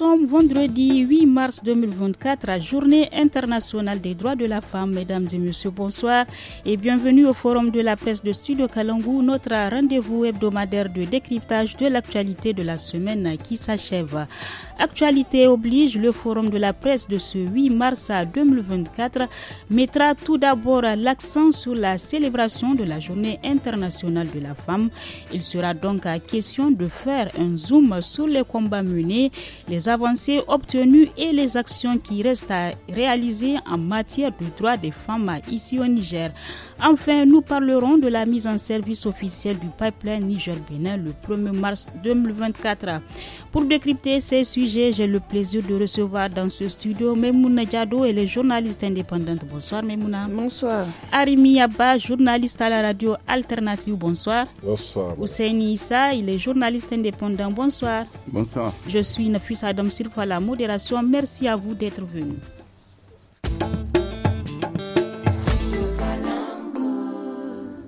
sommes vendredi 8 mars 2024, à journée internationale des droits de la femme. Mesdames et messieurs, bonsoir et bienvenue au forum de la presse de Studio Kalangou, notre rendez-vous hebdomadaire de décryptage de l'actualité de la semaine qui s'achève. Actualité oblige, le forum de la presse de ce 8 mars 2024 mettra tout d'abord l'accent sur la célébration de la journée internationale de la femme. Il sera donc question de faire un zoom sur les combats menés, les avancées obtenues et les actions qui restent à réaliser en matière du droit des femmes ici au Niger. Enfin, nous parlerons de la mise en service officielle du pipeline Niger-Bénin le 1er mars 2024. Pour décrypter ces sujets, j'ai le plaisir de recevoir dans ce studio Memouna Diado et les journalistes indépendante. Bonsoir Memouna. Bonsoir. Arimi Abba, journaliste à la radio Alternative. Bonsoir. Bonsoir. Ousseini Issa, il est journaliste indépendant. Bonsoir. Bonsoir. Je suis Nafis Adam Sirfa, la modération. Merci à vous d'être venu.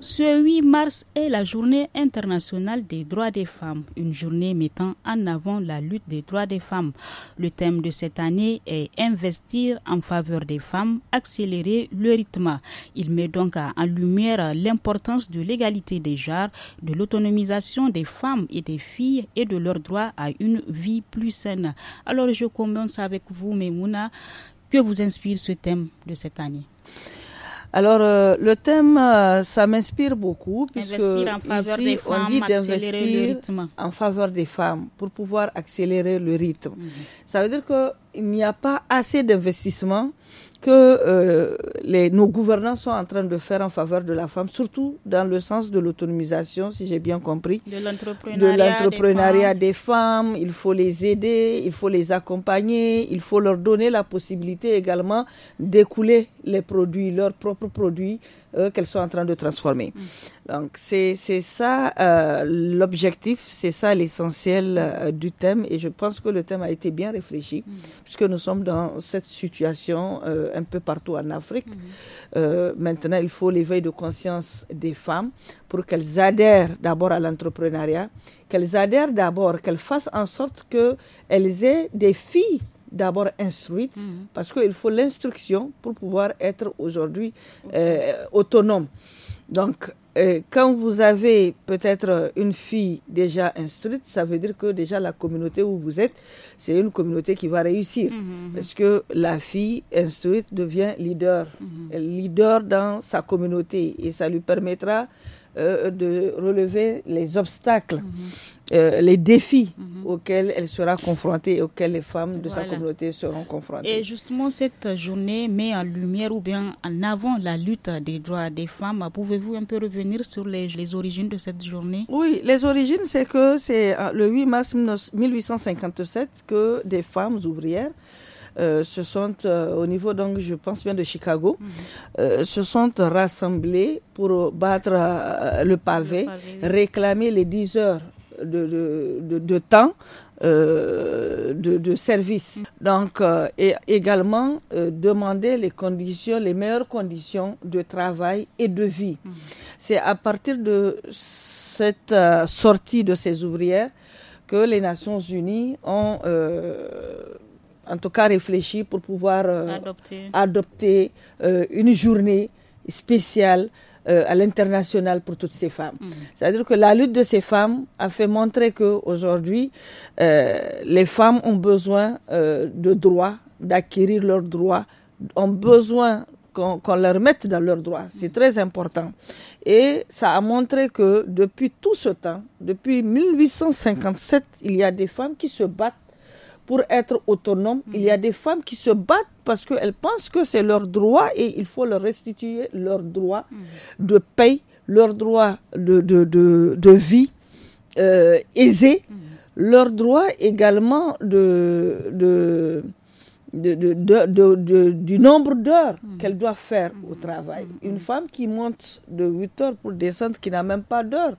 Ce 8 mars est la journée internationale des droits des femmes, une journée mettant en avant la lutte des droits des femmes. Le thème de cette année est Investir en faveur des femmes, accélérer le rythme. Il met donc en lumière l'importance de l'égalité des genres, de l'autonomisation des femmes et des filles et de leur droit à une vie plus saine. Alors je commence avec vous, Memouna. Que vous inspire ce thème de cette année alors, euh, le thème, euh, ça m'inspire beaucoup, puisque en faveur des femmes, on dit d'investir en faveur des femmes pour pouvoir accélérer le rythme. Mhm. Ça veut dire qu'il n'y a pas assez d'investissement que euh, les, nos gouvernants sont en train de faire en faveur de la femme, surtout dans le sens de l'autonomisation, si j'ai bien compris. De l'entrepreneuriat des, femmes. Il faut les aider, il faut les accompagner, il faut leur donner la possibilité également d'écouler les produits, leurs propres produits euh, qu'elles sont en train de transformer. Mm. Donc c'est ça euh, l'objectif, c'est ça l'essentiel euh, du thème et je pense que le thème a été bien réfléchi mm. puisque nous sommes dans cette situation un peu partout en Afrique. Mm. maintenant, il faut l'éveil de conscience des femmes pour qu'elles adhèrent d'abord à l'entrepreneuriat, qu'elles adhèrent d'abord, qu'elles fassent en sorte qu'elles aient des filles d'abord instruite, mhm. parce qu'il faut l'instruction pour pouvoir être aujourd'hui euh, autonome. Donc, euh, quand vous avez peut-être une fille déjà instruite, ça veut dire que déjà la communauté où vous êtes, c'est une communauté qui va réussir. Mhm, mhm. Parce que la fille instruite devient leader, leader dans sa communauté, et ça lui permettra euh, de relever les obstacles, euh, les défis mhm. Mhm. auxquels elle sera confrontée et auxquels les femmes de sa communauté seront confrontées. Et justement, cette journée met en lumière ou bien en avant la lutte des droits des femmes. Pouvez-vous un peu revenir sur les, les, origines de cette journée Oui, les origines, c'est que c'est euh, le 8 mars 1857 que des femmes ouvrières euh, se sont, euh, au niveau, donc, je pense bien de Chicago, mhm. euh, se sont rassemblés pour battre euh, le pavé, réclamer les 10 heures de, de, de, temps euh, de, de, service. Mhm. Donc, et également demander les conditions, les meilleures conditions de travail et de vie. Mhm. C'est à partir de cette sortie de ces ouvrières que les Nations Unies ont en tout cas réfléchir pour pouvoir euh, adopter, euh, une journée spéciale euh, à l'international pour toutes ces femmes. Mm. C'est-à-dire que la lutte de ces femmes a fait montrer que aujourd'hui les femmes ont besoin de droits, d'acquérir leurs droits, ont besoin qu'on leur mette dans leurs droits. C'est mm. très important. Et ça a montré que depuis tout ce temps, depuis 1857, il y a des femmes qui se battent pour être autonome. Il y a des femmes qui se battent parce qu'elles pensent que c'est leur droit et il faut leur restituer leur droit de paye, leur droit de, vie euh, aisée, leur droit également de, de de, du nombre d'heures mm. qu'elle doit faire mm. au travail. Mm. Une femme qui monte de 8 heures pour descendre, qui n'a même pas d'heure,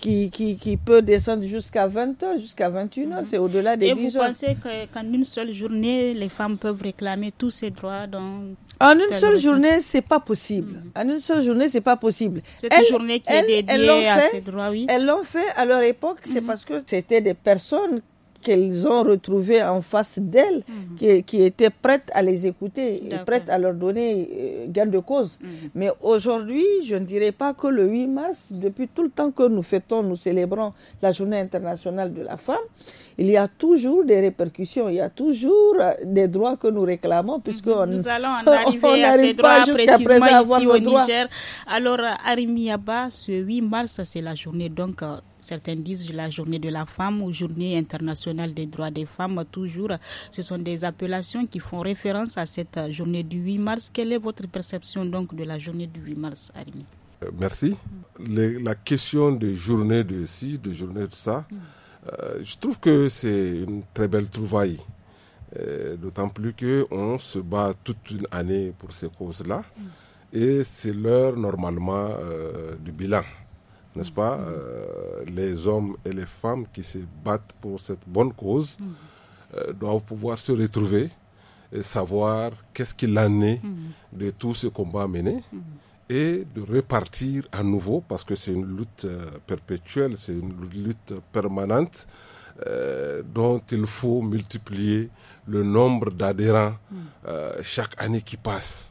qui, qui, peut descendre jusqu'à 20 heures, jusqu'à 21 heures, c'est au-delà des 10 heures. Et vous pensez qu'en une seule journée, les femmes peuvent réclamer tous ces droits Donc En une seule journée, c'est pas possible. En une seule journée, c'est pas possible. C'est une journée qui est dédiée à ces droits, oui. Elles l'ont fait à leur époque, c'est mm-hmm. parce que c'était des personnes qu'elles ont retrouvé en face d'elles, mhm. qui, étaient prêtes à les écouter, et prêtes à leur donner euh, gain de cause. Mhm. Mais aujourd'hui, je ne dirais pas que le 8 mars, depuis tout le temps que nous fêtons, nous célébrons la journée internationale de la femme, il y a toujours des répercussions, il y a toujours euh, des droits que nous réclamons, mhm. puisque Nous allons en arriver à ces droits précisément ici au Niger. Alors, Arimi ce 8 mars, c'est la journée donc euh, certains disent la journée de la femme ou journée internationale des droits des femmes. Toujours, ce sont des appellations qui font référence à cette journée du 8 mars. Quelle est votre perception donc de la journée du 8 mars, Arimi euh, Merci. la question de journée de ci, de journée de ça, mm. euh, je trouve que c'est une très belle trouvaille. Euh, d'autant plus qu'on se bat toute une année pour ces causes-là. Mm. Et c'est l'heure normalement du bilan n'est-ce pas mm. euh, Les hommes et les femmes qui se battent pour cette bonne cause mm. euh, doivent pouvoir se retrouver et savoir qu'est-ce qu'il en est mm. de tout ce combat mené et de repartir à nouveau parce que c'est une lutte euh, perpétuelle, c'est une lutte permanente dont il faut multiplier le nombre d'adhérents chaque année qui passe.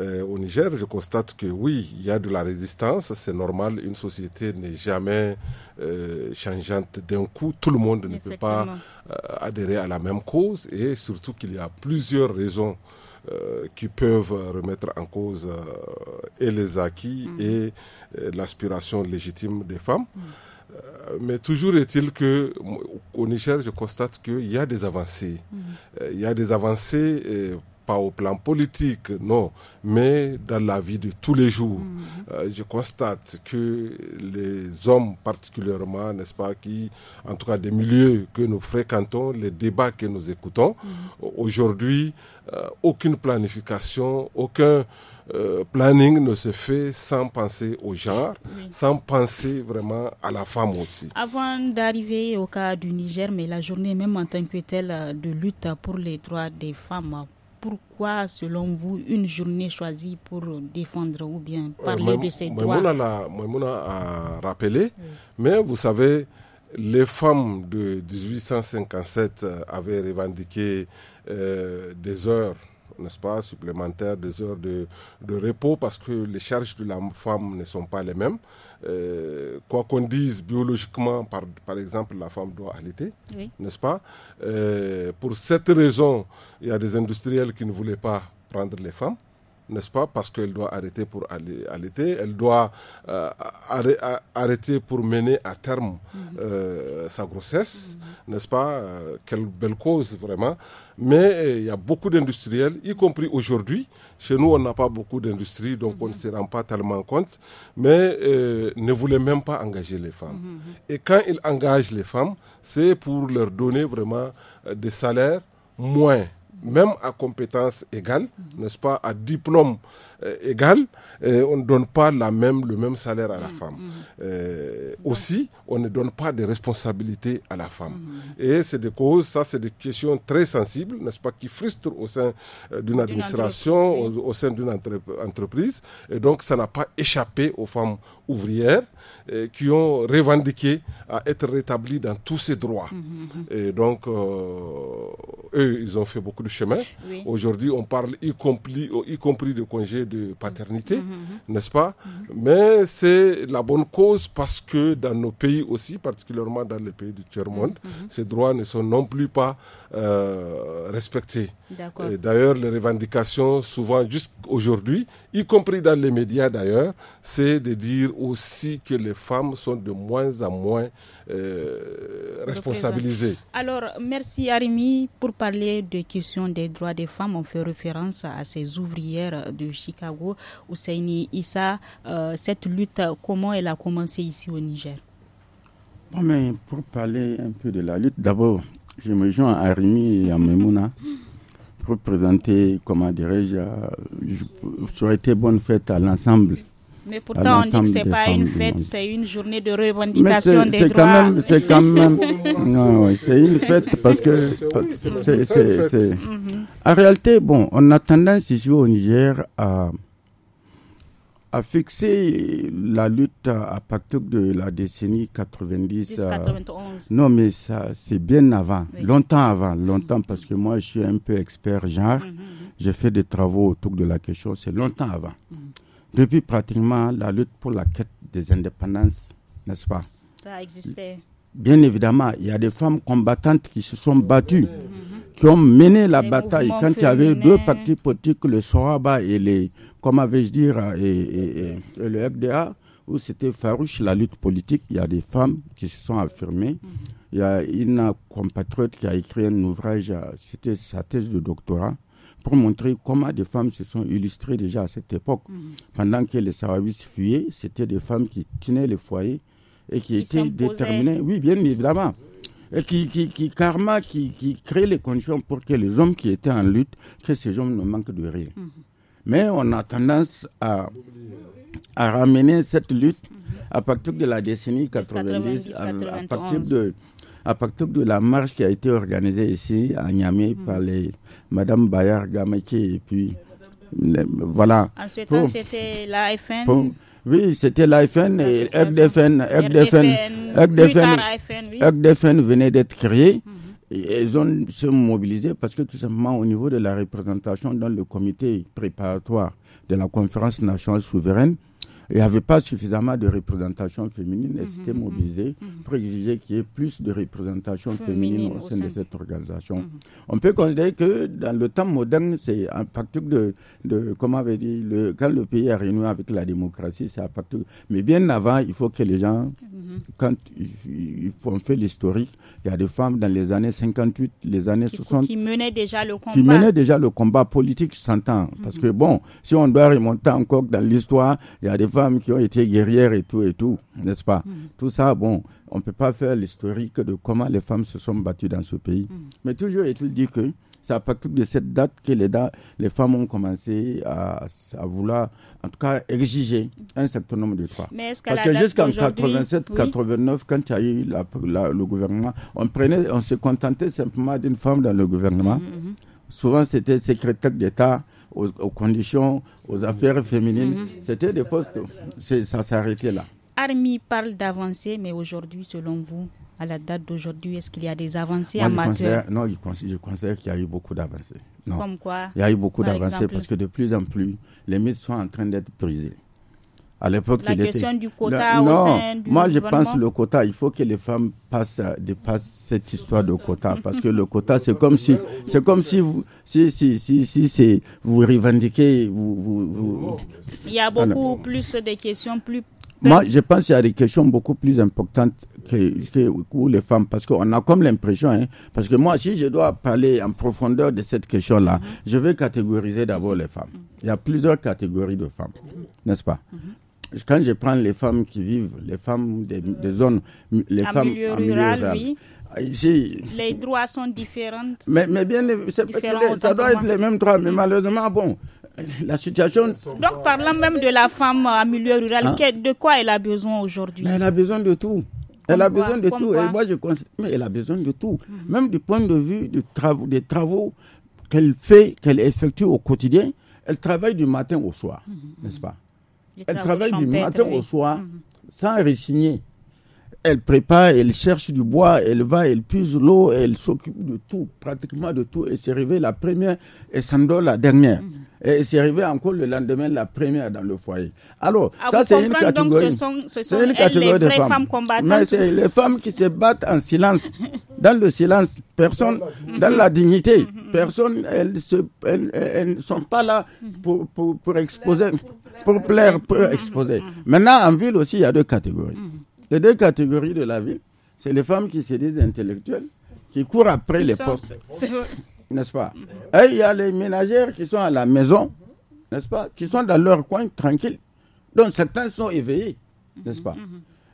Euh, au Niger, je constate que oui, il y a de la résistance, c'est normal, une société n'est jamais euh, changeante d'un coup, tout le monde ne peut pas euh, adhérer à la même cause et surtout qu'il y a plusieurs raisons qui peuvent remettre en cause et les acquis mm. et l'aspiration légitime des femmes. Mm. mais toujours est-il que au Niger, je constate qu'il y a des avancées. Mm. Il y a des avancées pas au plan politique, non, mais dans la vie de tous les jours. Mm. Euh, je constate que les hommes particulièrement, n'est-ce pas, qui, en tout cas des milieux que nous fréquentons, les débats que nous écoutons, mm. aujourd'hui, euh, aucune planification, aucun euh, planning ne se fait sans penser au genre, sans penser vraiment à la femme aussi. Avant d'arriver au cas du Niger, mais la journée même en tant que telle de lutte pour les droits des femmes pourquoi, selon vous, une journée choisie pour défendre ou bien euh, parler de ces droits Moi a rappelé, mais vous savez, les femmes de 1857 euh, avaient revendiqué euh, des heures n'est-ce pas, supplémentaires, des heures de, de, repos, parce que les charges de la femme ne sont pas les mêmes. Euh, quoi qu'on dise biologiquement, par, par exemple, la femme doit allaiter, n'est-ce pas euh, Pour cette raison, il y a des industriels qui ne voulaient pas prendre les femmes n'est-ce pas Parce qu'elle doit arrêter pour aller l'été, elle doit euh, arrêter pour mener à terme mhm. euh, sa grossesse, n'est-ce pas euh, Quelle belle cause vraiment. Mais il y a beaucoup d'industriels, y compris aujourd'hui. Chez nous, on n'a pas beaucoup d'industrie donc on ne se rend pas tellement compte. Mais ne voulait même pas engager les femmes. Mhm. Et quand ils engagent les femmes, c'est pour leur donner vraiment des salaires moins même à compétences égales, n'est-ce pas, à diplôme euh, égal, euh, on ne donne pas la même, le même salaire à la mm, femme. Mm. Euh, aussi, on ne donne pas des responsabilités à la femme. Mm, Et c'est des causes, ça c'est des questions très sensibles, n'est-ce pas, qui frustrent au sein d'une administration, au, sein d'une entreprise. Et donc ça n'a pas échappé aux femmes ouvrières qui ont revendiqué à être rétablies dans tous ces droits. Et donc, eux, ils ont fait beaucoup de chemin. Aujourd'hui, on parle y compris, y compris de congés de de paternité, mhm, mhm, mhm. n'est-ce pas Mais c'est la bonne cause parce que dans nos pays aussi, particulièrement dans les pays du tiers-monde, ces droits ne sont non plus pas euh, respectés. D'ailleurs, les revendications, souvent jusqu'aujourd'hui, y compris dans les médias d'ailleurs, c'est de dire aussi que les femmes sont de moins en moins euh, responsabilisées. Alors, merci Arimi. Pour parler de questions des droits des femmes, on fait référence à ces ouvrières de Chicago, Ousseini Issa. Euh, cette lutte, comment elle a commencé ici au Niger Pour parler un peu de la lutte, d'abord, je me joins à Arimi et à Memouna représenter, comment dirais-je, euh, ça aurait été bonne fête à l'ensemble. Mais pourtant, on dit que ce n'est pas une fête, c'est une journée de revendication des droits. Quand même, c'est quand même. non, oui, c'est une fête parce que. c'est, mhm. En réalité, bon, on a tendance ici au Niger à a fixé la lutte à partir de la décennie 90. 91. Euh, non, mais ça, c'est bien avant, longtemps avant, mhm. longtemps, parce que moi, je suis un peu expert genre. Mhm, mhm. J'ai fait des travaux autour de la question, c'est longtemps avant. Depuis pratiquement la lutte pour la quête des indépendances, n'est-ce pas Ça existait. Bien évidemment, il y a des femmes combattantes qui se sont battues qui ont mené la bataille quand il y avait deux partis politiques, le Soraba et les, comment avais-je dire, euh, et, le FDA, où c'était farouche la lutte politique. Il y a des femmes qui se sont affirmées. Il y a une compatriote qui a écrit un ouvrage, euh, c'était sa thèse de doctorat, pour montrer comment des femmes se sont illustrées déjà à cette époque. Pendant que les services fuyaient, c'était des femmes qui tenaient les foyers et qui étaient déterminées. Oui, bien évidemment qui, qui, qui karma, qui, qui crée les conditions pour que les hommes qui étaient en lutte, que ces hommes ne manquent de rien. Mhm. Mais on a tendance à, à ramener cette lutte à partir de la décennie 90, à, à, partir de à partir de la marche qui a été organisée ici à Niamey mhm. par les Madame Bayard Gamaki et puis voilà. En ce temps, c'était la FN. Oui, c'était l'IFN et FN, venait d'être créé. Mhm. Et ils ont se mobilisé parce que tout simplement au niveau de la représentation dans le comité préparatoire de la conférence nationale souveraine, il n'y avait pas suffisamment de représentation féminine et mhm, c'était mhm, mobilisé mhm, pour exiger qu'il y ait plus de représentation féminine, au sein de cette organisation. On peut considérer que dans le temps moderne, c'est un partir de, de comment avait dit, le, quand le pays est réuni avec la démocratie, c'est à partir. Mais bien avant, il faut que les gens, quand on fait l'historique, il y a des femmes dans les années 58, les années 60. Qui menaient déjà le combat. Qui menaient déjà le combat politique, s'entend. Parce que bon, si on doit remonter encore dans l'histoire, il y a des qui ont été guerrières et tout et tout, n'est-ce pas mm. Tout ça, bon, on peut pas faire l'historique de comment les femmes se sont battues dans ce pays. Mm. Mais toujours est-il dit que c'est à partir de cette date que les, da les femmes ont commencé à, à, vouloir, en tout cas, exiger un certain nombre de droits. Parce que jusqu'en 87, 89, quand il y a eu le gouvernement, on, prenait, on se contentait simplement d'une femme dans le gouvernement. Mm, souvent, c'était secrétaire d'État aux, conditions, aux affaires féminines. Mhm. C'était des postes, ça s'arrêtait là. Army parle d'avancer mais aujourd'hui, selon vous, à la date d'aujourd'hui, est-ce qu'il y a des avancées amateurs en matière Non, je considère, qu'il y a eu beaucoup d'avancées. Comme quoi Il y a eu beaucoup d'avancées parce que de plus en plus, les mythes sont en train d'être brisés à l'époque La question du quota au sein moi je pense le quota, il faut que les femmes passent, euh, dépassent cette histoire de quota parce que le quota c'est comme si c'est comme si vous si si si, vous revendiquez vous, Il y a beaucoup plus de questions plus moi, je pense qu'il y a des questions beaucoup plus importantes que, les femmes, parce qu'on a comme l'impression, hein, parce que moi, si je dois parler en profondeur de cette question-là, je vais catégoriser d'abord les femmes. Il y a plusieurs catégories de femmes, n'est-ce pas quand je prends les femmes qui vivent, les femmes des, zones, les femmes en rural, oui. Euh, les droits sont différents. Mais, bien, ça doit être les mêmes droits, mais malheureusement, bon, la situation. Donc, parlant même de la femme en milieu rural, hein? de quoi elle a besoin aujourd'hui Elle a besoin de tout. Elle a, besoin de tout. Et moi, je mais elle a besoin de tout. Mhm. Même du point de vue des travaux, des travaux qu'elle fait, qu'elle effectue au quotidien, elle travaille du matin au soir, mhm. n'est-ce pas elle travaille du matin au soir mhm. sans résigner. Elle prépare, elle cherche du bois, elle va, elle puise l'eau, elle s'occupe de tout, pratiquement de tout. Et c'est arrivé la première et s'endort la dernière. Mhm. Et c'est arrivé encore le lendemain la première dans le foyer. Alors, ah, ça c'est une catégorie. Ce sont, une de femmes. femmes combattantes. Mais c'est les femmes qui se battent en silence. dans le silence, personne, dans la dignité personnes, elles ne sont pas là pour, exposer, pour plaire, pour mhm. exposer. Mhm. Mhm. Maintenant, en ville aussi, il y a deux catégories. Les deux catégories de la ville, c'est les femmes qui se disent intellectuelles, qui courent après les postes. N'est-ce pas Et il y a les ménagères qui sont à la maison, n'est-ce pas Qui sont dans leur coin, tranquille. Donc certains sont éveillés, n'est-ce pas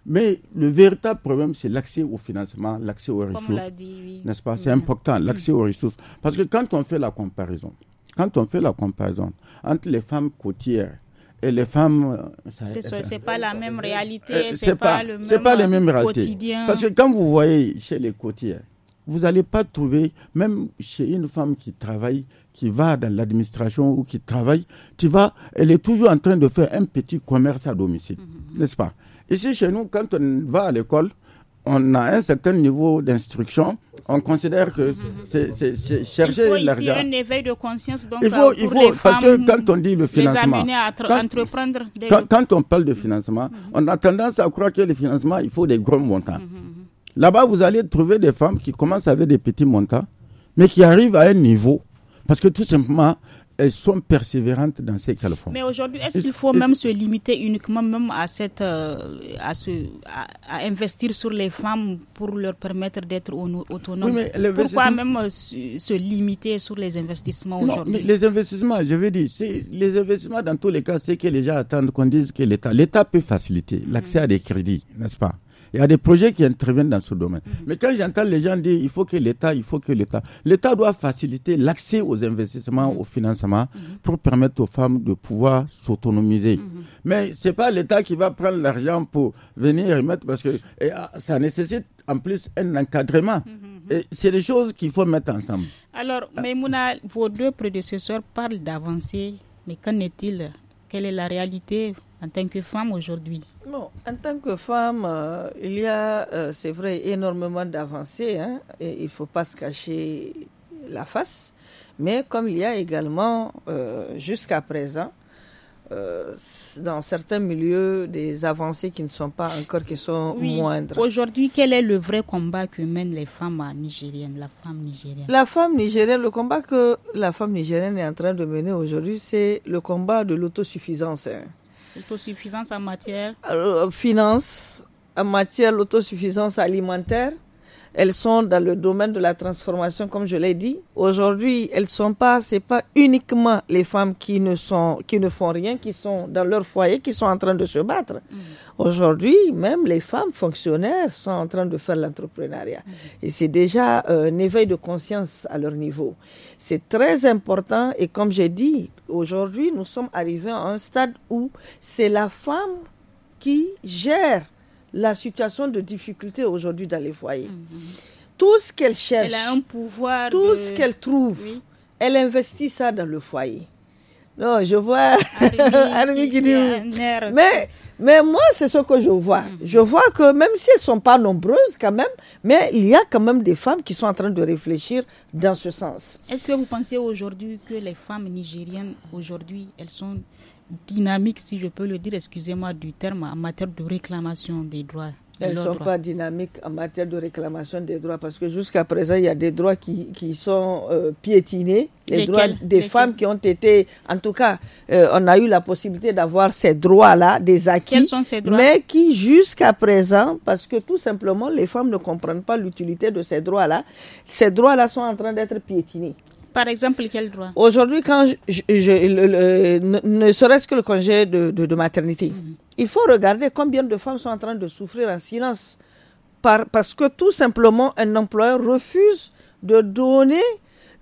mais le véritable problème, c'est l'accès au financement, l'accès aux ressources. N'est-ce pas C'est mm. important, mm. l'accès aux ressources. Parce que quand on fait la comparaison, quand on fait la comparaison entre les femmes côtières et les femmes. Euh, c'est pas la même réalité, euh, c'est pas, pas, le même euh, quotidien. Parce que quand vous voyez chez les côtières, vous n'allez pas trouver, même chez une femme qui travaille, qui va dans l'administration ou qui travaille, tu vas, elle est toujours en train de faire un petit commerce à domicile, mm-hmm. n'est-ce pas Ici, chez nous, quand on va à l'école, on a un certain niveau d'instruction, on considère que c'est chercher l'argent. Il faut ici un éveil de conscience. Donc, il faut, euh, il faut parce que quand on dit le financement, quand, entreprendre des... quand, on parle de financement, on a tendance à croire que le financement, il faut des gros montants. Mhm, mhm, mhm. Là-bas, vous allez trouver des femmes qui commencent avec des petits montants, mais qui arrivent à un niveau. Parce que tout simplement, elles sont persévérantes dans ce qu'elles font. Mais aujourd'hui, est-ce qu'il faut même se limiter uniquement même à, cette, euh, à, investir sur les femmes pour leur permettre d'être autonomes Pourquoi même euh, se limiter sur les investissements aujourd'hui Les investissements, je veux dire, les investissements dans tous les cas, c'est que les gens attendent qu'on dise que l'État, l'État peut faciliter l'accès mhm. à des crédits, n'est-ce pas il y a des projets qui interviennent dans ce domaine. Mhm. Mais quand j'entends les gens dire il faut que l'État, il faut que l'État, l'État doit faciliter l'accès aux investissements, mhm. au financement mhm. pour permettre aux femmes de pouvoir s'autonomiser. Mais ce n'est pas l'État qui va prendre l'argent pour venir et mettre parce que ah, ça nécessite en plus un encadrement. C'est des choses qu'il faut mettre ensemble. Alors, ah. Maimouna, vos deux prédécesseurs parlent d'avancer. mais qu'en est-il Quelle est la réalité en tant que femme aujourd'hui En tant que femme, euh, il y a, euh, c'est vrai, énormément d'avancées. Hein, et il ne faut pas se cacher la face. Mais comme il y a également, euh, jusqu'à présent, dans certains milieux, des avancées qui ne sont pas encore, qui sont moindres. Aujourd'hui, quel est le vrai combat que mènent les femmes nigériennes, la femme nigérienne La femme nigérienne, le combat que la femme nigérienne est en train de mener aujourd'hui, c'est le combat de l'autosuffisance. Hein. Autosuffisance en matière Finances euh, Finance, en matière l'autosuffisance alimentaire, elles sont dans le domaine de la transformation, comme je l'ai dit. Aujourd'hui, elles sont pas, c'est pas uniquement les femmes qui ne sont, qui ne font rien, qui sont dans leur foyer, qui sont en train de se battre. Mm-hmm. Aujourd'hui, même les femmes fonctionnaires sont en train de faire l'entrepreneuriat. Mm-hmm. Et c'est déjà euh, un éveil de conscience à leur niveau. C'est très important. Et comme j'ai dit, aujourd'hui, nous sommes arrivés à un stade où c'est la femme qui gère la situation de difficulté aujourd'hui dans les foyers. Mhm. Tout ce qu'elle cherche, un pouvoir tout ce qu'elle trouve, elle investit ça dans le foyer. Non, je vois qui, dit. Mais, mais moi, c'est ce que je vois. Mhm. Je vois que même si elles ne sont pas nombreuses, quand même, mais il y a quand même des femmes qui sont en train de réfléchir dans ce sens. Est-ce que vous pensez aujourd'hui que les femmes nigériennes, aujourd'hui, elles sont Dynamique, si je peux le dire, excusez-moi du terme, en matière de réclamation des droits elles ne sont pas dynamiques en matière de réclamation des droits parce que jusqu'à présent, il y a des droits qui, sont euh, piétinés, les droits des femmes qui ont été, en tout cas, euh, on a eu la possibilité d'avoir ces droits-là, des acquis, mais qui jusqu'à présent, parce que tout simplement, les femmes ne comprennent pas l'utilité de ces droits-là, ces droits-là sont en train d'être piétinés. Par exemple, quel droit Aujourd'hui, quand je, ne, serait-ce que le congé de, maternité, mhm. il faut regarder combien de femmes sont en train de souffrir en silence. Par, parce que tout simplement, un employeur refuse de donner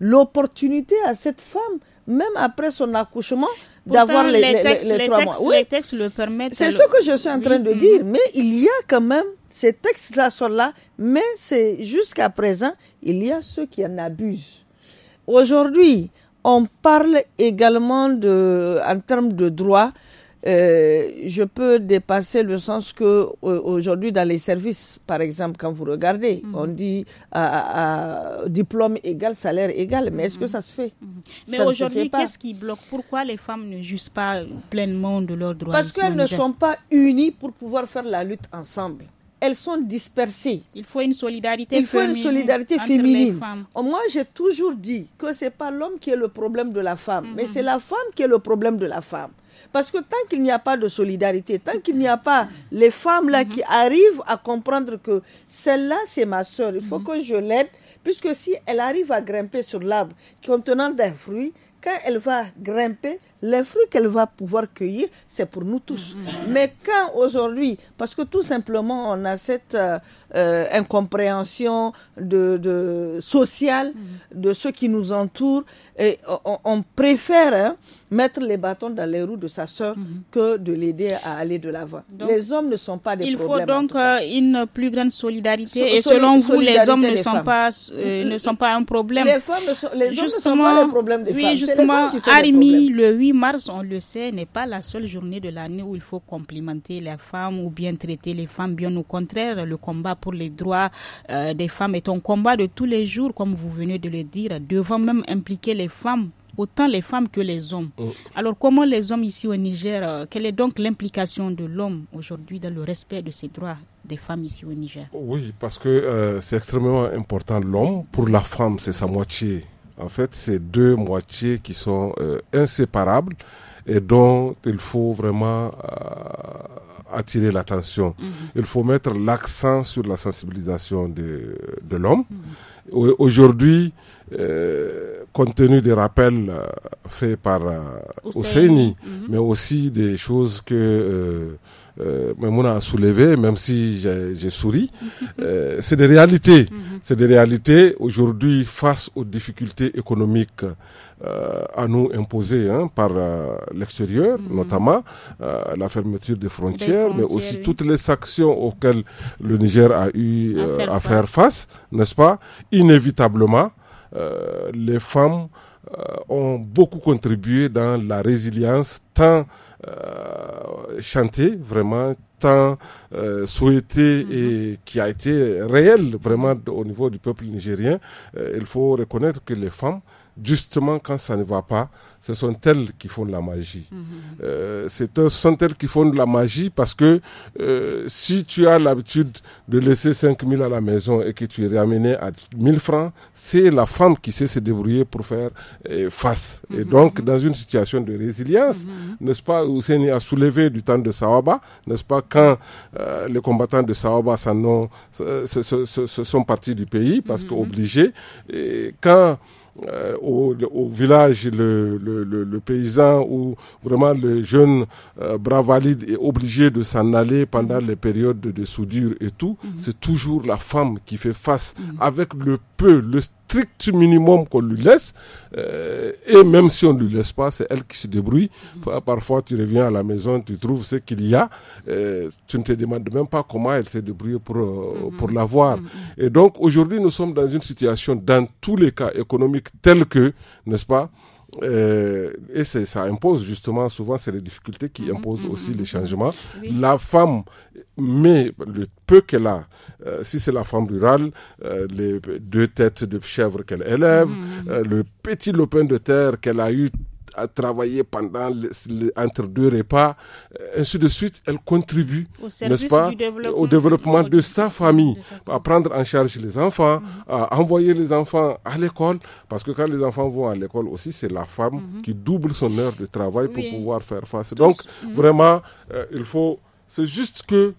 l'opportunité à cette femme, même après son accouchement, d'avoir les, textes, trois mois. Les textes le permettent. C'est ce que je suis en train de mhm. dire, mais il y a quand même ces textes-là sont là, mais c'est jusqu'à présent, il y a ceux qui en abusent. Aujourd'hui, on parle également de, en termes de droits, euh, je peux dépasser le sens que euh, aujourd'hui dans les services, par exemple, quand vous regardez, mm. on dit diplôme égal, salaire égal, mais est-ce que mm-hmm. ça se fait mm-hmm. Mais aujourd'hui, qu'est-ce qui bloque Pourquoi les femmes ne jugent pas pleinement de leurs droits Parce qu'elles ne sont pas unies pour pouvoir faire la lutte ensemble elles sont dispersées. Il faut une solidarité Il faut une solidarité féminine. Oh, moi, j'ai toujours dit que ce n'est pas l'homme qui est le problème de la femme, mais mhm. c'est la femme qui est le problème de la femme. Parce que tant qu'il n'y a pas de solidarité, tant qu'il n'y a pas les femmes là mhm. qui arrivent à comprendre que celle-là, c'est ma soeur, il faut mhm. que je l'aide, puisque si elle arrive à grimper sur l'arbre contenant des fruits, quand elle va grimper, les fruits qu'elle va pouvoir cueillir, c'est pour nous tous. Mm, mm. Mais quand aujourd'hui, parce que tout simplement, on a cette euh, euh, incompréhension de, sociale mm. de ceux qui nous entourent, et on, préfère hein, mettre les bâtons dans les roues de sa soeur mm-hmm. que de l'aider à aller de l'avant. Les hommes ne sont pas des il problèmes. Il faut donc euh, une plus grande solidarité. et selon vous, les hommes ne sont pas ne sont pas un problème. Les hommes ne sont pas le problème des femmes. Oui, justement, Arimi, le 8 mars, on le sait, n'est pas la seule journée de l'année où il faut complimenter les femmes ou bien traiter les femmes. Bien au contraire, le combat pour les droits euh, des femmes est un combat de tous les jours, comme vous venez de le dire, devant même impliquer les femmes autant les femmes que les hommes. Oh. Alors comment les hommes ici au Niger, euh, quelle est donc l'implication de l'homme aujourd'hui dans le respect de ces droits des femmes ici au Niger Oui, parce que euh, c'est extrêmement important l'homme. Pour la femme, c'est sa moitié en fait, c'est deux moitiés qui sont euh, inséparables et dont il faut vraiment euh, attirer l'attention. Mhm. Il faut mettre l'accent sur la sensibilisation de, de l'homme. Aujourd'hui, euh, compte tenu des rappels euh, faits par euh, mhm. mais aussi des choses que... Euh, euh, a soulevé, même si j'ai souri, euh, c'est des réalités. Mhm. C'est des réalités aujourd'hui face aux difficultés économiques euh, à nous imposer hein, par euh, l'extérieur, mhm. notamment la fermeture des frontières, mais aussi toutes les actions auxquelles le Niger a eu à faire face, n'est-ce pas Inévitablement, euh, les femmes euh, ont beaucoup contribué dans la résilience, tant euh, chantée, vraiment, tant souhaitée mm-hmm. et qui a été réelle, vraiment, au niveau du peuple nigérien. il faut reconnaître que les femmes justement quand ça ne va pas, ce sont elles qui font de la magie. Mhm. Euh, c'est ce sont elles qui font de la magie parce que euh, si tu as l'habitude de laisser 5 000 à la maison et que tu es ramené à 1000 francs, c'est la femme qui sait se débrouiller pour faire euh, face. Et mhm. donc, mhm. dans une situation de résilience, n'est-ce pas, ni a soulevé du temps de Sawaba, n'est-ce pas, quand les combattants de Sawaba se, sont partis du pays parce qu'obligés, et quand euh, au, au, village le, le, le, paysan où vraiment le jeune euh, bras valide est obligé de s'en aller pendant les périodes de, soudure et tout, mhm. c'est toujours la femme qui fait face mhm. avec le peu, le strict minimum qu'on lui laisse. Euh, et même si on ne lui laisse pas, c'est elle qui se débrouille. Mhm. Parfois, tu reviens à la maison, tu trouves ce qu'il y a. Euh, tu ne te demandes même pas comment elle s'est débrouillée pour, pour l'avoir. Et donc, aujourd'hui, nous sommes dans une situation, dans tous les cas, économique, tel que, n'est-ce pas, euh, et ça impose justement, souvent c'est les difficultés qui mm-hmm, imposent mm-hmm, aussi les mm-hmm. changements. La femme, mais le peu qu'elle a, euh, si c'est la femme rurale, euh, les deux têtes de chèvre qu'elle élève, le petit lopin de terre qu'elle a eu travailler pendant entre deux repas, euh, ainsi de suite, elle contribue, n'est-ce pas, au développement de sa famille, à prendre en charge les enfants, mhm. à envoyer les enfants à l'école, parce que quand les enfants vont à l'école aussi, c'est la femme mhm. qui double son heure de travail pour pouvoir faire face. Donc, mhm. vraiment, euh, il faut, c'est juste que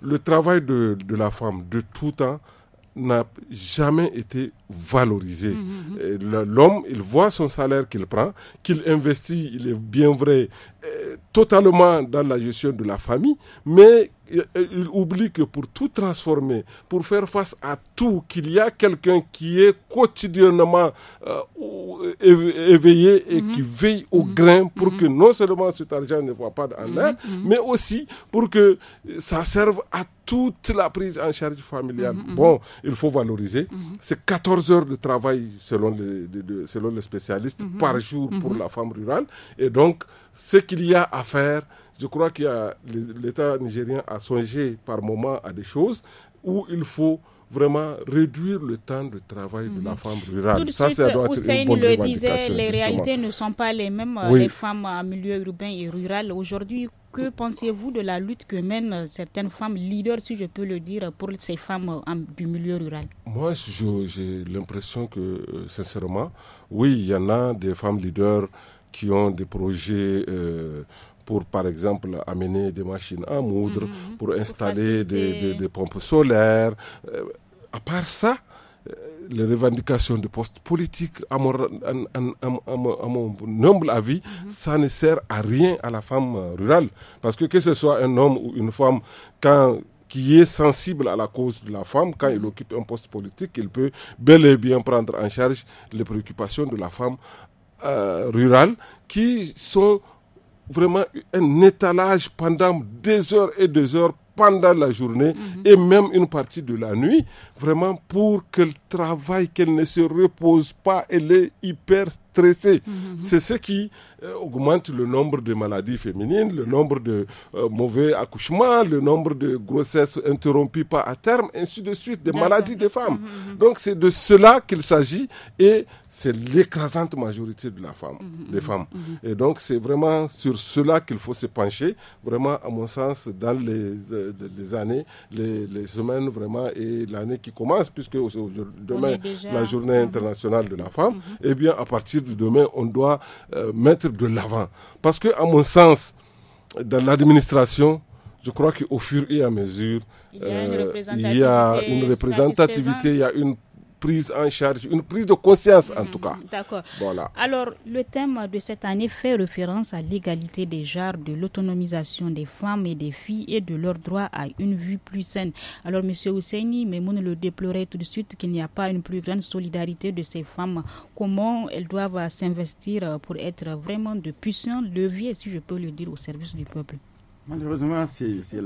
le travail de, de la femme de tout temps n'a jamais été valoriser. Mmh, mmh, mmh. L'homme, il voit son salaire qu'il prend, qu'il investit, il est bien vrai, euh, totalement dans la gestion de la famille, mais euh, euh, il oublie que pour tout transformer, pour faire face à tout, qu'il y a quelqu'un qui est quotidiennement éveillé et qui veille au grain pour que non seulement cet argent ne voit pas en l'air, mais aussi pour que ça serve à toute la prise en charge familiale. Bon, il faut valoriser. C'est 14 heures de travail selon les, selon les spécialistes mhm. par jour pour mhm. la femme rurale. Et donc, ce qu'il y a à faire, je crois que l'État nigérien a songé par moment à des choses où il faut vraiment réduire le temps de travail de la mhm. femme rurale. Tout ça, suite, doit Hussein le disait, les réalités ne sont pas les mêmes euh, les femmes en milieu urbain et rural. Aujourd'hui, que pensez-vous de la lutte que mènent certaines femmes leaders, si je peux le dire, pour ces femmes du milieu rural Moi, j'ai l'impression que, euh, sincèrement, oui, il y en a des femmes leaders qui ont des projets. Euh, pour par exemple amener des machines à moudre, mhm. pour installer des, pompes solaires. Euh, à part ça, euh, les revendications de postes politiques, à mon, humble avis, mhm. ça ne sert à rien à la femme euh, rurale. Parce que que ce soit un homme ou une femme, quand qui est sensible à la cause de la femme, quand il mhm. occupe un poste politique, il peut bel et bien prendre en charge les préoccupations de la femme euh, rurale qui sont vraiment un étalage pendant des heures et des heures pendant la journée mhm. et même une partie de la nuit, vraiment pour qu'elle travaille, qu'elle ne se repose pas, elle est hyper stressée. Mhm. C'est ce qui euh, augmente le nombre de maladies féminines, le nombre de euh, mauvais accouchements, le nombre de grossesses interrompues pas à terme, ainsi de suite, des maladies des femmes. Mhm, mhm. Donc c'est de cela qu'il s'agit et c'est l'écrasante majorité de la femme, mhm, des femmes. Et donc c'est vraiment sur cela qu'il faut se pencher, vraiment à mon sens, dans les, euh, années, les, semaines vraiment et l'année qui commence, puisque demain, la journée internationale de la femme, et eh bien à partir de demain, on doit mettre de l'avant. Parce que, à mon sens, dans l'administration, je crois qu'au fur et à mesure, il y a une euh, représentativité, il y a une, il y a une prise en charge, une prise de conscience en tout mhm, cas. D'accord. Voilà. Alors, le thème de cette année fait référence à l'égalité des genres, de l'autonomisation des femmes et des filles et de leur droit à une vie plus saine. Alors, Monsieur Ousseini, mais nous le déplorait tout de suite qu'il n'y a pas une plus grande solidarité de ces femmes. Comment elles doivent s'investir pour être vraiment de puissants leviers, si je peux le dire, au service du peuple Malheureusement, c'est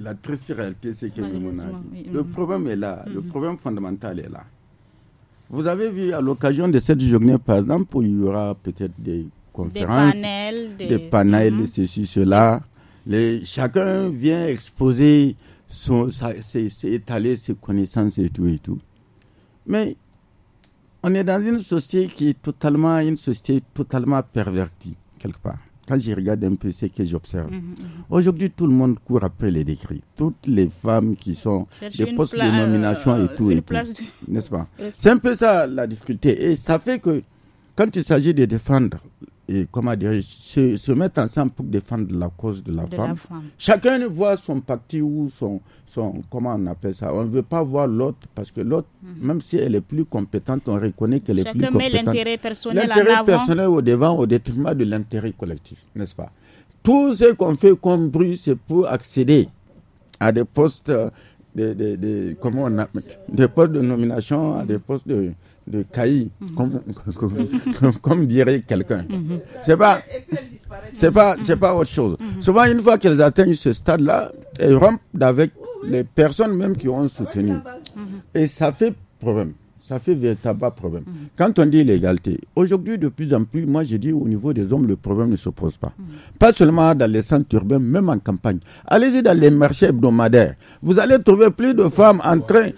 la, triste réalité, c'est que Le mhm. problème est là, le mhm. problème fondamental est là. Vous avez vu, à l'occasion de cette journée, par exemple, il y aura peut-être des conférences, des panels, des... Mhm. ceci, cela. Les, chacun vient exposer son, ses, étaler ses connaissances et tout et tout. Mais on est dans une société qui est totalement, une société totalement pervertie, quelque part quand je regarde un peu ce que j'observe, mhm, mhm. aujourd'hui tout le monde court après les décrits. Toutes les femmes qui sont des postes de nomination et tout, et tout. n'est-ce pas C'est un peu ça la difficulté. Et ça fait que quand il s'agit de défendre et comment dire, se, se, mettre ensemble pour défendre la cause de la, femme. Chacun voit son parti ou son, son, comment on appelle ça. On ne veut pas voir l'autre parce que l'autre, mhm. même si elle est plus compétente, on reconnaît qu'elle est plus compétente. Chacun met l'intérêt personnel L'intérêt personnel au devant au détriment de l'intérêt collectif, n'est-ce pas Tout ce qu'on fait comme bruit, c'est pour accéder à des postes de, euh, de, de comment on des postes de nomination, à des postes de de caillis, mhm. comme, dirait quelqu'un. Mhm. C'est pas, c'est pas, c'est pas autre chose. Mhm. Souvent, une fois qu'elles atteignent ce stade-là, elles rompent avec les personnes même qui ont soutenu. Et ça fait problème ça fait véritable problème. Quand on dit l'égalité, aujourd'hui, de plus en plus, moi, je dis au niveau des hommes, le problème ne se pose pas. Pas seulement dans les centres urbains, même en campagne. Allez-y dans les marchés hebdomadaires. Vous allez trouver plus de femmes en train,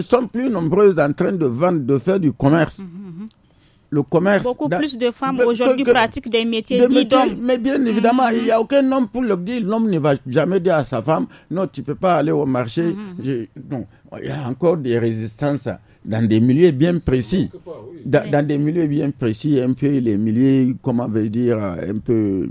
sont plus nombreuses en train de vendre, de faire du commerce. Le commerce. Beaucoup plus de femmes aujourd'hui pratiquent des métiers d'hommes. Mais bien évidemment, il n'y a mhm. aucun homme pour le dire. L'homme ne va jamais dire à sa femme, non, tu ne peux pas aller au marché. Mhm. non, il y a encore des résistances dans des milieux bien précis. dans, des milieux bien précis, un peu les milieux, comment veut dire, un peu.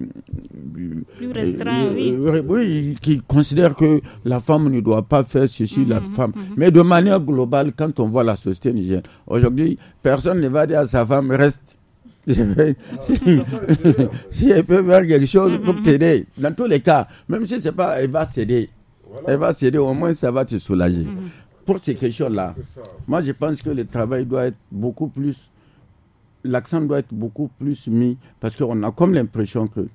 Plus restreint, euh, euh, oui. oui, qui considèrent que la femme ne doit pas faire ceci, la mhm, femme. Mhm. Mais de manière globale, quand on voit la société nigérienne, aujourd'hui, personne ne va dire à sa femme, reste. Ah, si, elle peut faire quelque chose mhm, pour t'aider, dans tous les cas, même si c'est pas, elle va céder. Elle va céder, au moins ça va te soulager pour ces questions-là, moi je pense que le travail doit être beaucoup plus, l'accent doit être beaucoup plus mis, parce qu'on a comme l'impression que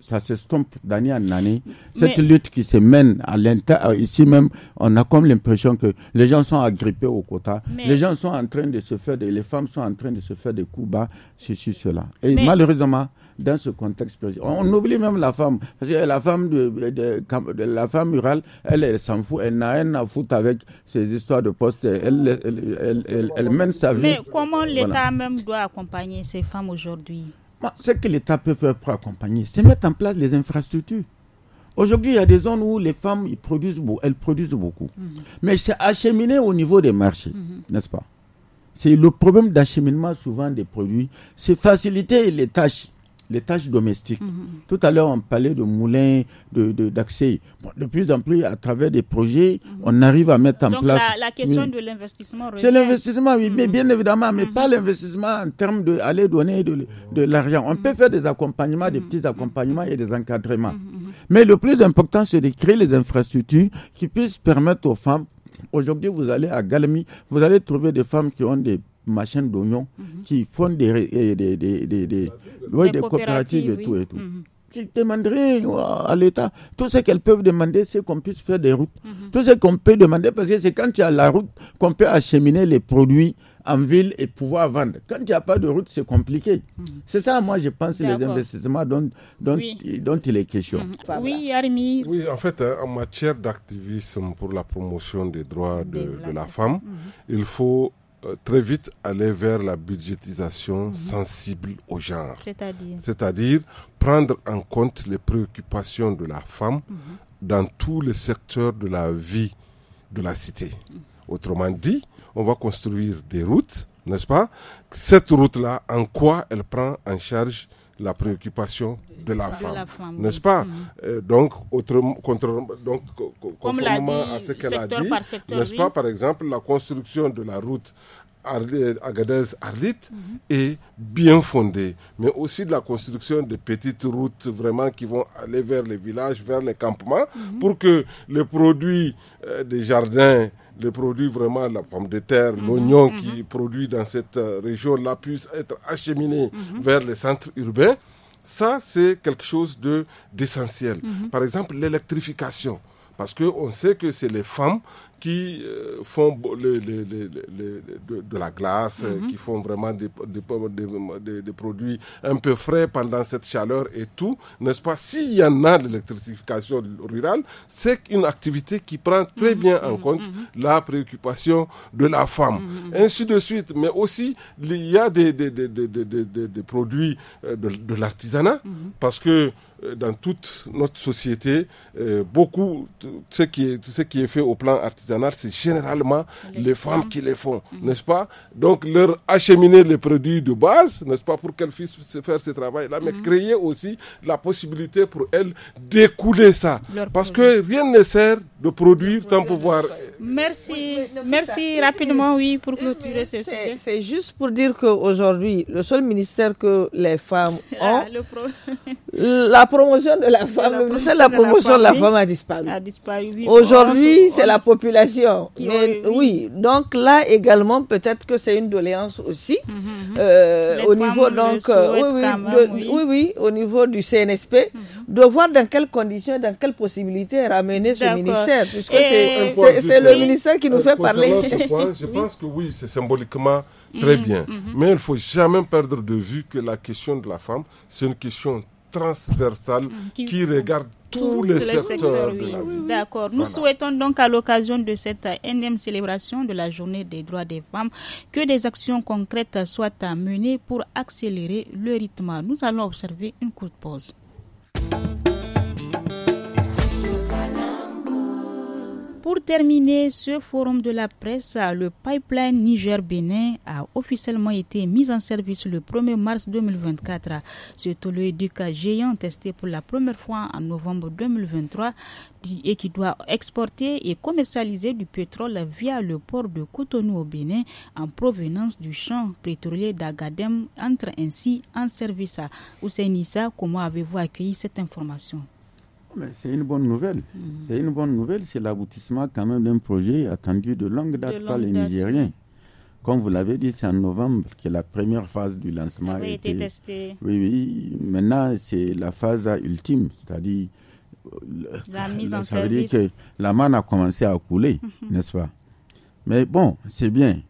ça se s'estompe d'année en année. Cette lutte qui se mène à l'intérieur, ici même, on a comme l'impression que les gens sont agrippés au quota. Les gens sont en train de se faire, des, les femmes sont en train de se faire des coups bas, ceci, cela. Et malheureusement, dans ce contexte. On oublie même la femme. la femme, de, la femme rurale, elle, s'en fout. Elle n'a rien à foutre avec ces histoires de poste. Elle, elle, elle mène sa vie. Mais comment l'État même doit accompagner ces femmes aujourd'hui bah, Ce que l'État peut faire pour accompagner, c'est mettre en place les infrastructures. Aujourd'hui, il y a des zones où les femmes ils produisent, elles produisent beaucoup. Mhm. Mais c'est acheminé au niveau des marchés, mhm. n'est-ce pas C'est le problème d'acheminement souvent des produits. C'est faciliter les tâches les tâches domestiques. Mm-hmm. Tout à l'heure, on parlait de moulins, d'accès. De, de plus en plus, à travers des projets, mm-hmm. on arrive à mettre en place. La, la question de l'investissement. C'est l'investissement, oui, mais mm-hmm. bien évidemment, mais pas l'investissement en termes d'aller donner de, de l'argent. On peut faire des accompagnements, des petits accompagnements et des encadrements. Mais le plus important, c'est de créer les infrastructures qui puissent permettre aux femmes Aujourd'hui, vous allez à Galmi, vous allez trouver des femmes qui ont des machines d'oignons mhm. qui font des, des, des, des, des coopératives, et tout et tout. Mhm. demanderaient euh, à l'État. Tout ce qu'elles peuvent demander, c'est qu'on puisse faire des routes. Mhm. Tout ce qu'on peut demander, parce que c'est quand il y a la route qu'on peut acheminer les produits en ville et pouvoir vendre. Quand il n'y a pas de route, c'est compliqué. C'est ça, moi, je pense, les investissements dont, dont, dont il est question. Oui, Armi. Oui, en fait, hein, en matière d'activisme pour la promotion des droits de, la femme, il faut euh, très vite aller vers la budgétisation mhm. sensible au genre. C'est-à-dire prendre en compte les préoccupations de la femme mhm. dans tous les secteurs de la vie de la cité. Mhm. Autrement dit, on va construire des routes, n'est-ce pas Cette route-là, en quoi elle prend en charge la préoccupation de la femme, n'est-ce pas mhm. euh, Donc, autrement, donc, conformément à ce qu'elle a dit, n'est-ce pas Par exemple, la construction de la route Agadez Arlit est bien fondée, mais aussi de la construction de petites routes vraiment qui vont aller vers les villages, vers les campements, pour que les produits euh, des jardins, les produits vraiment la pomme de terre, mhm, l'oignon mhm. qui produit dans cette euh, région-là puissent être acheminés mhm. vers les centres urbains. Ça, c'est quelque chose de d'essentiel. Par exemple, l'électrification. Parce qu'on sait que c'est les femmes qui euh, font de, la glace, mhm. qui font vraiment des, des, produits un peu frais pendant cette chaleur et tout, n'est-ce pas S'il y en a l'électrification rurale, c'est une activité qui prend très mhm. bien en mhm. compte la préoccupation de la femme. Ainsi de suite, mais aussi, il y a des, produits euh, de, de l'artisanat, parce que euh, dans toute notre société, euh, beaucoup, tout ce, qui est, tout ce qui est fait au plan artisanal, c'est généralement les, femmes, qui les font, mhm. n'est-ce pas Donc, leur acheminer les produits de base, n'est-ce pas, pour qu'elles puissent faire ce travail-là, mais mhm. créer aussi la possibilité pour elles d'écouler ça. Parce que rien ne sert de produire sans pouvoir... Merci, merci rapidement, oui, pour clôturer ce sujet. C'est juste pour dire qu'aujourd'hui, le seul ministère que les femmes ah, ont, la promotion de la femme, c'est la promotion de la, femme a disparu. Aujourd'hui, c'est la population. oui. donc là également, peut-être que c'est une doléance aussi. Mm-hmm, mm-hmm. Euh, au niveau donc, euh, oui, au niveau du CNSP, mm-hmm. de voir dans quelles conditions, dans quelles possibilités ramener ce ministère, puisque c'est le ministère qui nous euh, fait parler. je pense que oui, c'est symboliquement très bien. Mais il ne faut jamais perdre de vue que la question de la femme, c'est une question transversale ah, qui, regarde tous les, secteurs, D'accord. Nous souhaitons donc à l'occasion de cette énième célébration de la journée des droits des femmes que des actions concrètes soient menées pour accélérer le rythme. Nous allons observer une courte pause. Pour terminer ce forum de la presse, le pipeline Niger-Bénin a officiellement été mis en service le 1er mars 2024. Ce oléoduc géant testé pour la première fois en novembre 2023 et qui doit exporter et commercialiser du pétrole via le port de Cotonou au Bénin en provenance du champ pétrolier d'Agadem entre ainsi en service. Ousseinissa, comment avez-vous accueilli cette information? C'est une bonne nouvelle. Hmm. C'est une bonne nouvelle. C'est l'aboutissement quand même d'un projet attendu de longue date par les Nigériens. Comme vous l'avez dit, c'est en novembre que la première phase du lancement a été testée. Oui, oui. Maintenant, c'est la phase ultime, c'est-à-dire euh, la mise en dire que la manne a commencé à couler, mhm. n'est-ce pas Mais bon, c'est bien.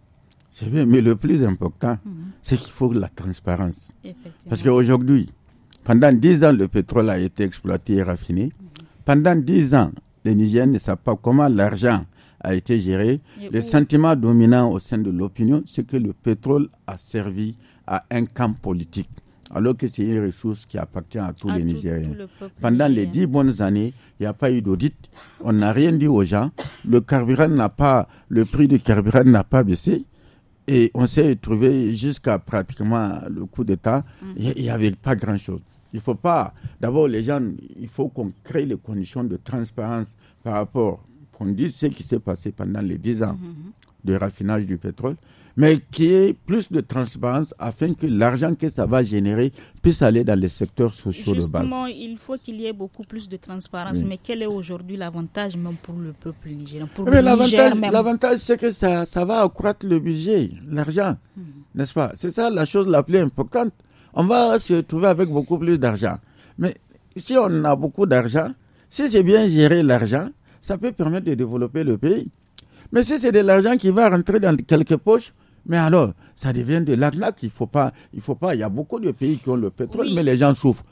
C'est bien. Mais le plus important, mhm. c'est qu'il faut la transparence. Parce qu'aujourd'hui, pendant dix ans, le pétrole a été exploité et raffiné. Pendant dix ans, les Nigériens ne savent pas comment l'argent a été géré. le sentiment dominant au sein de l'opinion, c'est que le pétrole a servi à un camp politique, alors que c'est une ressource qui appartient à tous les Nigériens. Pendant les dix bonnes années, il n'y a pas eu d'audit, on n'a rien dit aux gens, le carburant n'a pas, le prix du carburant n'a pas baissé. Et on s'est trouvé jusqu'à pratiquement le coup d'État, mm. il n'y avait pas grand-chose. Il faut pas. D'abord, les gens, il faut qu'on crée les conditions de transparence par rapport, qu'on dise ce qui s'est passé pendant les 10 ans mhm. de raffinage du pétrole, mais qu'il y ait plus de transparence afin que l'argent que ça va générer puisse aller dans les secteurs sociaux de base. Justement, il faut qu'il y ait beaucoup plus de transparence. Mais quel est aujourd'hui l'avantage même pour le peuple nigérian eh L'avantage, c'est que ça, va accroître le budget, l'argent, mhm. n'est-ce pas C'est ça la chose la plus importante on va se trouver avec beaucoup plus d'argent. Mais si on a beaucoup d'argent, si c'est bien géré l'argent, ça peut permettre de développer le pays. Mais si c'est de l'argent qui va rentrer dans quelques poches, mais alors, ça devient de l'argent Il faut pas, il faut pas. Il y a beaucoup de pays qui ont le pétrole, mais les gens souffrent.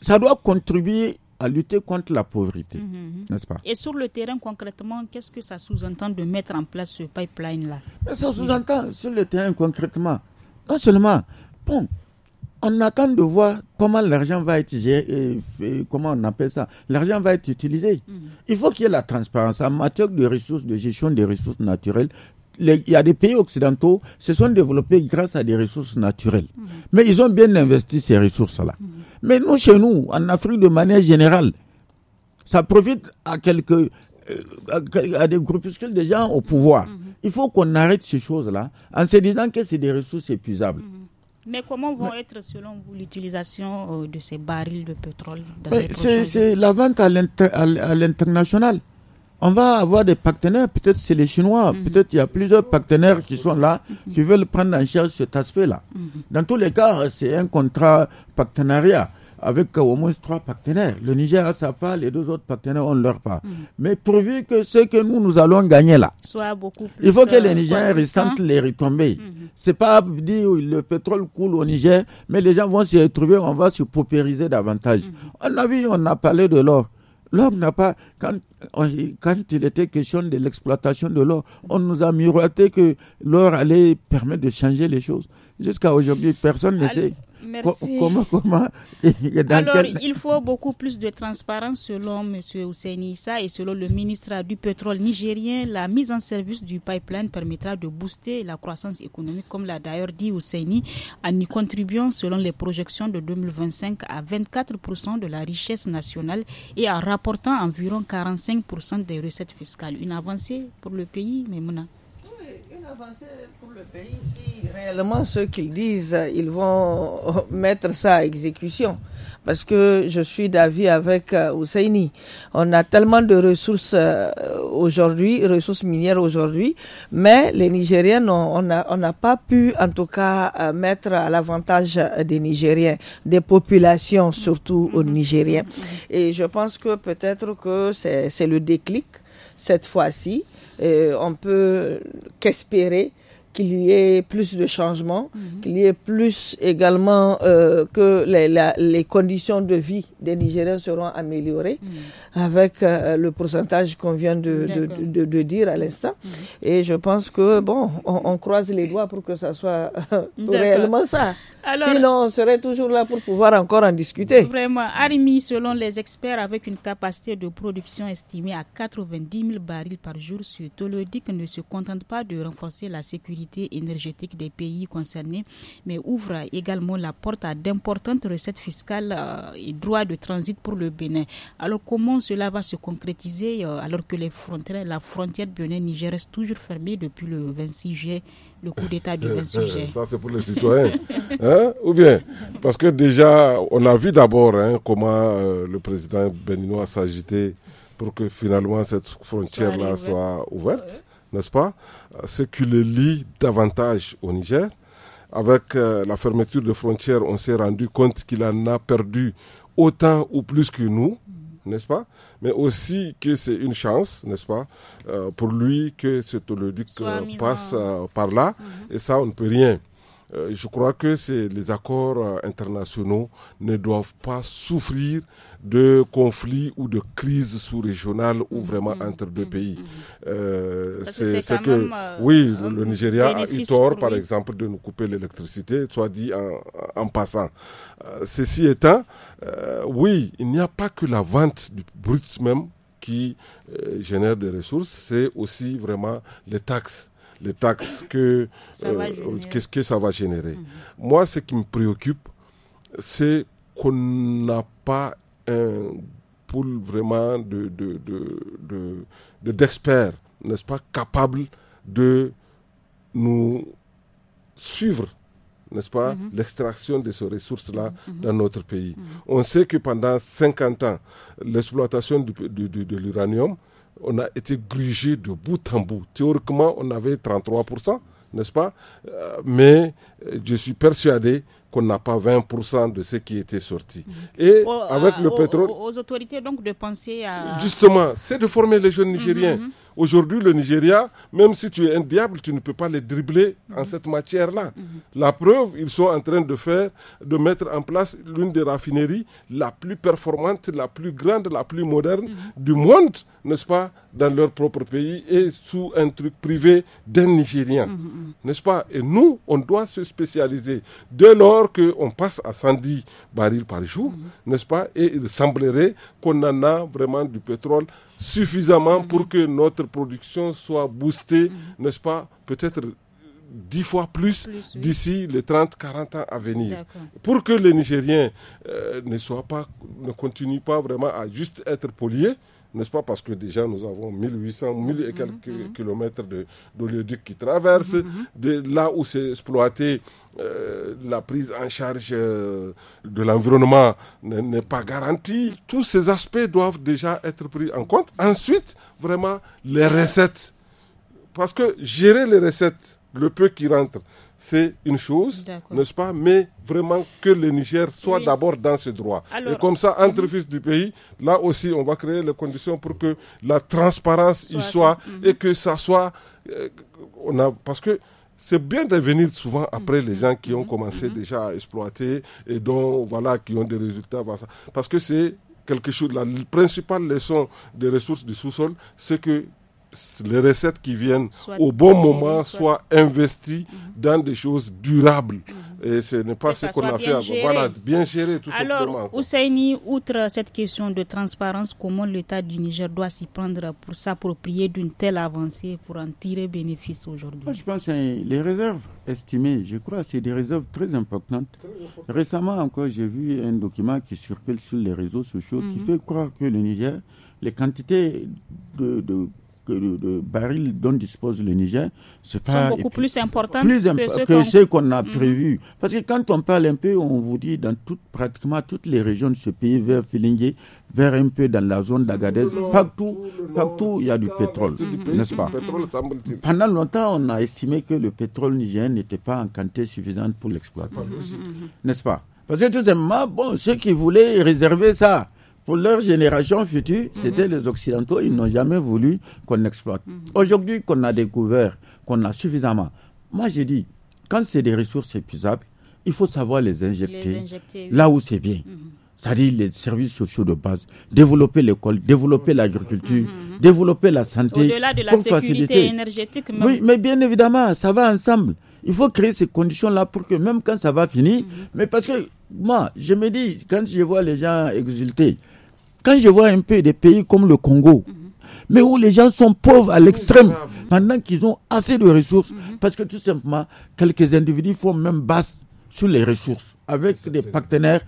Ça doit contribuer à lutter contre la pauvreté, mmh, mmh, mmh. n'est-ce pas Et sur le terrain, concrètement, qu'est-ce que ça sous-entend de mettre en place ce pipeline-là Ça sous-entend, sur le terrain, concrètement, non seulement, bon, on attend de voir comment l'argent va être euh, euh, comment on appelle ça, l'argent va être utilisé. Mm. Il faut qu'il y ait la transparence en matière de ressources, de gestion des ressources naturelles. il y a des pays occidentaux qui se sont développés grâce à des ressources naturelles. Mm. Mais ils ont bien investi ces ressources-là. Mm. Mais nous, chez nous, en Afrique de manière générale, ça profite à quelques euh, à des groupuscules de gens au pouvoir. Mm-hmm. Il faut qu'on arrête ces choses-là en se disant que c'est des ressources épuisables. Mm-hmm. Mais comment vont être, selon vous, l'utilisation euh, de ces barils de pétrole C'est la vente à l'international. On va avoir des partenaires, peut-être c'est les Chinois, mhm. peut-être il y a plusieurs partenaires qui sont là, mhm. qui veulent prendre en charge cet aspect-là. Mhm. Dans tous les cas, c'est un contrat partenariat avec au moins trois partenaires. Le Niger a sa part, les deux autres partenaires ont leur part. Mhm. Mais pourvu que ce que nous, nous allons gagner là, Soit beaucoup il faut que euh, les Nigériens ressentent les retombées. Mhm. C'est pas dire que le pétrole coule au Niger, mais les gens vont se retrouver, on va se paupériser davantage. Mhm. On a vu, on a parlé de l'or. L'or n'a pas. Quand, quand, il était question de l'exploitation de l'or, on nous a miroité que l'or allait permettre de changer les choses. Jusqu'à aujourd'hui, personne ne sait. Merci. Alors, il faut beaucoup plus de transparence selon M. Hussein Issa et selon le ministre du pétrole nigérien. La mise en service du pipeline permettra de booster la croissance économique, comme l'a d'ailleurs dit Ouseni, en y contribuant, selon les projections de 2025, à 24% de la richesse nationale et en rapportant environ 45% des recettes fiscales. Une avancée pour le pays, mais maintenant avancer pour le pays si réellement ce qu'ils disent, ils vont mettre ça à exécution. Parce que je suis d'avis avec euh, Ousseini. On a tellement de ressources euh, aujourd'hui, ressources minières aujourd'hui, mais les Nigériens, on n'a on pas pu en tout cas euh, mettre à l'avantage des Nigériens, des populations surtout aux Nigériens. Et je pense que peut-être que c'est le déclic cette fois-ci euh, on peut qu'espérer qu'il y ait plus de changements, mhm. qu'il y ait plus également euh, que les, conditions de vie des Nigériens seront améliorées mhm. avec euh, le pourcentage qu'on vient de, dire à l'instant. Mhm. Et je pense que, bon, on, croise les doigts pour que ça soit réellement ça. Sinon, on serait toujours là pour pouvoir encore en discuter. Vraiment, Arimi, selon les experts, avec une capacité de production estimée à 90 000 barils par jour sur Tolodic, ne se contente pas de renforcer la sécurité énergétique des pays concernés, mais ouvre également la porte à d'importantes recettes fiscales euh, et droits de transit pour le Bénin. Alors comment cela va se concrétiser euh, alors que les frontières, la frontière Bénin-Niger reste toujours fermée depuis le 26 juillet, le coup d'État du 26 juillet Ça c'est pour les citoyens, hein? ou bien parce que déjà on a vu d'abord hein, comment euh, le président béninois s'agitait pour que finalement cette frontière-là soit ouverte n'est-ce pas Ce qui le lie davantage au Niger. Avec euh, la fermeture de frontières, on s'est rendu compte qu'il en a perdu autant ou plus que nous, n'est-ce pas Mais aussi que c'est une chance, n'est-ce pas, euh, pour lui que cet oléoduc euh, passe par là. Mhm. Et ça, on ne peut rien. Euh, je crois que les accords euh, internationaux ne doivent pas souffrir de conflits ou de crises sous-régionales ou mm-hmm. vraiment mm-hmm. entre deux pays. c'est que, oui, le Nigeria a eu tort, par exemple, de nous couper l'électricité, soit dit en, passant. Euh, ceci étant, oui, il n'y a pas que la vente du brut même qui génère des ressources, c'est aussi vraiment les taxes les taxes, que, euh, qu'est-ce que ça va générer. Mhm. Moi, ce qui me préoccupe, c'est qu'on n'a pas un pool vraiment de, de, de, d'experts, n'est-ce pas, capables de nous suivre n'est-ce pas, mhm. l'extraction de ces ressources-là mhm. dans notre pays. On sait que pendant 50 ans, l'exploitation de l'uranium on a été grugé de bout en bout. Théoriquement, on avait 33%, n'est-ce pas euh, Mais euh, je suis persuadé qu'on n'a pas 20% de ce qui était sorti. Mm-hmm. Et avec euh, le pétrole... Aux, autorités donc de penser à... Justement, c'est de former les jeunes Nigériens. Mm-hmm. Aujourd'hui, le Nigeria, même si tu es un diable, tu ne peux pas les dribbler en mhm. cette matière-là. Mhm. La preuve, ils sont en train de faire, de mettre en place l'une des raffineries la plus performante, la plus grande, la plus moderne mhm. du monde, n'est-ce pas dans leur propre pays et sous un truc privé d'un Nigérien. Mm, mm, mm. N'est-ce pas Et nous, on doit se spécialiser. Dès lors qu'on passe à 110 barils par jour, n'est-ce pas Et il semblerait qu'on en a vraiment du pétrole suffisamment pour que notre production soit boostée, n'est-ce pas Peut-être dix fois plus, d'ici les 30-40 ans à venir. Pour que les Nigériens euh, ne soient pas, ne continuent pas vraiment à juste être poliés, n'est-ce pas Parce que déjà, nous avons 1800, 1000 et quelques mhm, mhm. kilomètres de, d'oléoduc qui traverse. Mhm, de là où c'est exploité, euh, la prise en charge euh, de l'environnement n'est pas garantie. Tous ces aspects doivent déjà être pris en compte. Ensuite, vraiment, les recettes. Parce que gérer les recettes, le peu qui rentre, c'est une chose, n'est-ce pas Mais vraiment que le Niger soit d'abord dans ce droit. et comme ça, entre mhm. fils du pays, là aussi, on va créer les conditions pour que la transparence y soit mhm. et que ça soit. Euh, on a, parce que c'est bien de venir souvent après mhm. les gens qui ont commencé déjà à exploiter et dont, voilà, qui ont des résultats. Parce que c'est quelque chose, la principale leçon des ressources du sous-sol, c'est que les recettes qui viennent au bon moment soient investies mhm. dans des choses durables. Mhm. Et ce n'est pas ce qu'on a fait avant. Voilà, bien gérer tout simplement. Alors, Ousseini, outre cette question de transparence, comment l'État du Niger doit s'y prendre pour s'approprier d'une telle avancée, pour en tirer bénéfice aujourd'hui je pense que hein, les réserves estimées, je crois, c'est des réserves très importantes. Récemment encore, j'ai vu un document qui circule sur les réseaux sociaux qui mhm. fait croire que le Niger, les quantités de que le baril dont dispose le Niger, c'est sont beaucoup plus important que, ce qu'on a mm. prévu. Parce que quand on parle un peu, on vous dit dans pratiquement toutes les régions de ce pays, vers Filingé, vers un peu dans la zone d'Agadez, partout, partout il y a du pétrole, n'est-ce pas Pendant longtemps, on a estimé que le pétrole nigérien n'était pas en quantité suffisante pour l'exploiter, n'est-ce pas Parce que tout simplement, bon, ceux qui voulaient réserver ça, pour leur génération future, mhm. c'était les Occidentaux, ils n'ont jamais voulu qu'on exploite. Mhm. Aujourd'hui qu'on a découvert qu'on a suffisamment, moi j'ai dit, quand c'est des ressources épuisables, il faut savoir les injecter, là où c'est bien. Mhm. C'est-à-dire les services sociaux de base, développer l'école, développer l'agriculture, développer la santé. Au-delà de la sécurité énergétique. Oui, mais bien évidemment, ça va ensemble. Il faut créer ces conditions-là pour que même quand ça va finir, mais parce que moi, je me dis, quand je vois les gens exulter, quand je vois un peu des pays comme le Congo, mhm. mais où les gens sont pauvres à l'extrême, pendant qu'ils ont assez de ressources, mhm. parce que tout simplement, quelques individus font même basse sur les ressources, avec des partenaires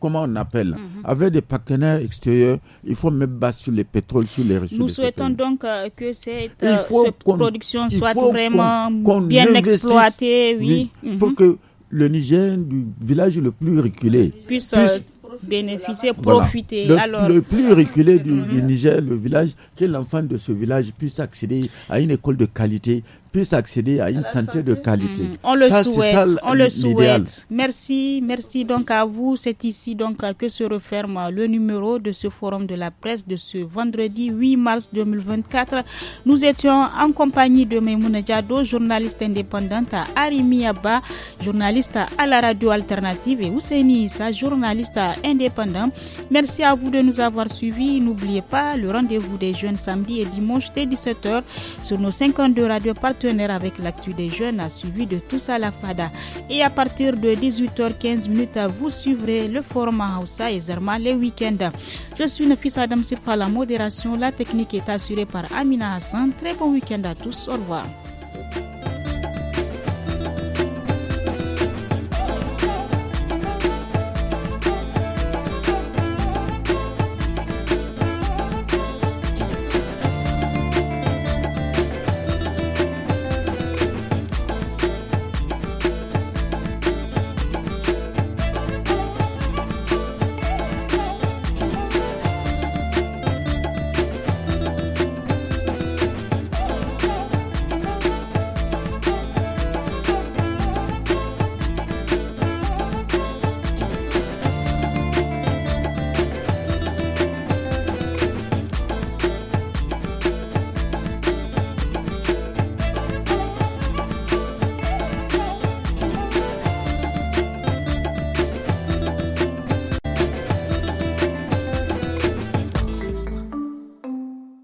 comment on appelle, mhm. avec des partenaires extérieurs, il faut même basse sur les pétroles, sur les ressources. Nous souhaitons donc euh, que cette, euh, production soit vraiment bien exploitée, oui. Pour que le Niger du village le plus reculé puisse euh, bénéficier, profiter. Le, plus reculé du, mm-hmm. du Niger, le village, que l'enfant de ce village puisse accéder à une école de qualité, puissent accéder à une santé, de qualité. Mm-hmm. On le souhaite, on le souhaite. Merci, merci donc à vous. C'est ici donc que se referme le numéro de ce forum de la presse de ce vendredi 8 mars 2024. Nous étions en compagnie de Memouna Diado, journaliste indépendante à Arimi Abba, journaliste à la radio alternative et Ousseini Issa, journaliste indépendant. Merci à vous de nous avoir suivis. N'oubliez pas le rendez-vous des jeunes samedi et dimanche dès 17h sur nos 52 radios avec l'actu des jeunes à suivi de tous à la FADA. Et à partir de 18h15, vous suivrez le format Hausa et Zerma les week-ends. Je suis Nefis Adam c'est par la modération. La technique est assurée par Amina Hassan. Très bon week-end à tous. Au revoir.